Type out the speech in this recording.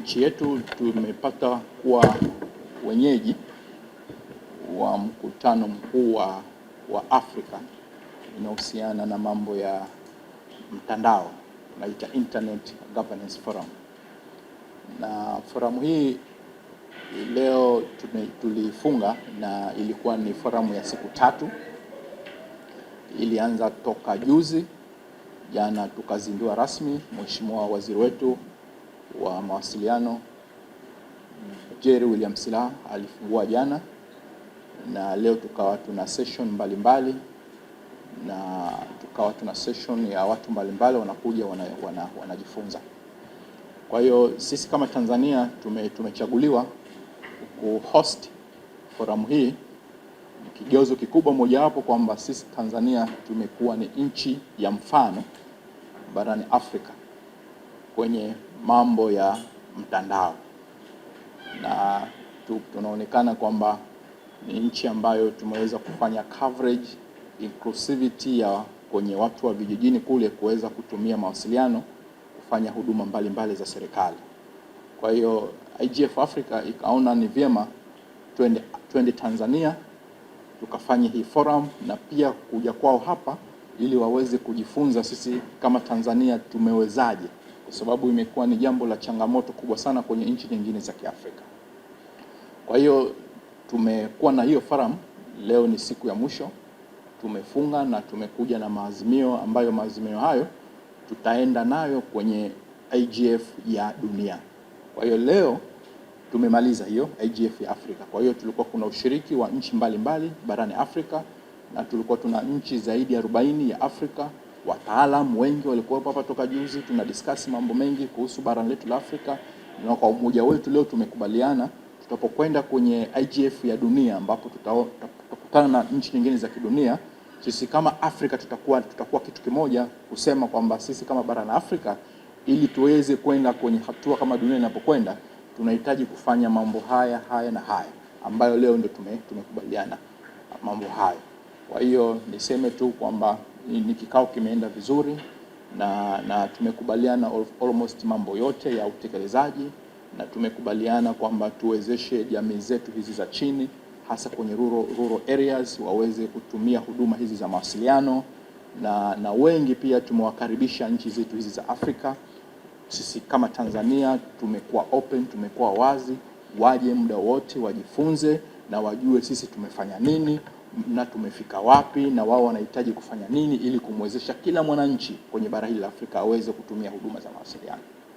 nchi yetu tumepata kuwa wenyeji wa mkutano mkuu wa, wa Afrika inahusiana na mambo ya mtandao naita Internet Governance Forum, na forum hii leo tulifunga na ilikuwa ni forum ya siku tatu. Ilianza toka juzi jana, tukazindua rasmi. Mheshimiwa waziri wetu wa mawasiliano Jerry William Silaa alifungua jana na leo tukawa tuna session mbalimbali mbali, na tukawa tuna session ya watu mbalimbali wanakuja wanajifunza wana, kwa hiyo sisi kama Tanzania tume, tumechaguliwa kuhost forum hii kigezo kikubwa mojawapo kwamba sisi Tanzania tumekuwa ni nchi ya mfano barani Afrika kwenye mambo ya mtandao, na tunaonekana kwamba ni nchi ambayo tumeweza kufanya coverage inclusivity ya kwenye watu wa vijijini kule kuweza kutumia mawasiliano kufanya huduma mbalimbali mbali za serikali. Kwa hiyo IGF Africa ikaona ni vyema twende, twende Tanzania tukafanye hii forum na pia kuja kwao hapa ili waweze kujifunza sisi kama Tanzania tumewezaje kwa sababu imekuwa ni jambo la changamoto kubwa sana kwenye nchi nyingine za Kiafrika. Kwa hiyo tumekuwa na hiyo faram, leo ni siku ya mwisho, tumefunga na tumekuja na maazimio ambayo maazimio hayo tutaenda nayo kwenye IGF ya dunia. Kwa hiyo leo tumemaliza hiyo IGF ya Afrika. Kwa hiyo tulikuwa kuna ushiriki wa nchi mbalimbali mbali, barani Afrika na tulikuwa tuna nchi zaidi ya 40 ya Afrika wataalamu wengi walikuwepo hapa toka juzi, tuna discuss mambo mengi kuhusu bara letu la Afrika, na kwa umoja wetu leo tumekubaliana tutapokwenda kwenye IGF ya dunia ambapo tutakutana na nchi nyingine za kidunia, sisi kama Afrika tutakuwa tutakuwa kitu kimoja kusema kwamba sisi kama bara la Afrika ili tuweze kwenda kwenye hatua kama dunia inapokwenda, tunahitaji kufanya mambo haya haya na haya ambayo leo ndio tume, tumekubaliana mambo hayo. Kwa hiyo niseme tu kwamba ni, ni kikao kimeenda vizuri na, na tumekubaliana almost mambo yote ya utekelezaji na tumekubaliana kwamba tuwezeshe jamii zetu hizi za chini hasa kwenye rural, rural areas waweze kutumia huduma hizi za mawasiliano na, na wengi pia tumewakaribisha nchi zetu hizi za Afrika. Sisi kama Tanzania tumekuwa open, tumekuwa wazi, waje muda wote wajifunze na wajue sisi tumefanya nini na tumefika wapi na wao wanahitaji kufanya nini ili kumwezesha kila mwananchi kwenye bara hili la Afrika aweze kutumia huduma za mawasiliano.